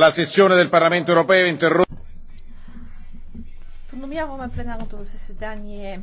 La sessione del Parlamento europeo interrompe. Подновяваме пленарното заседание.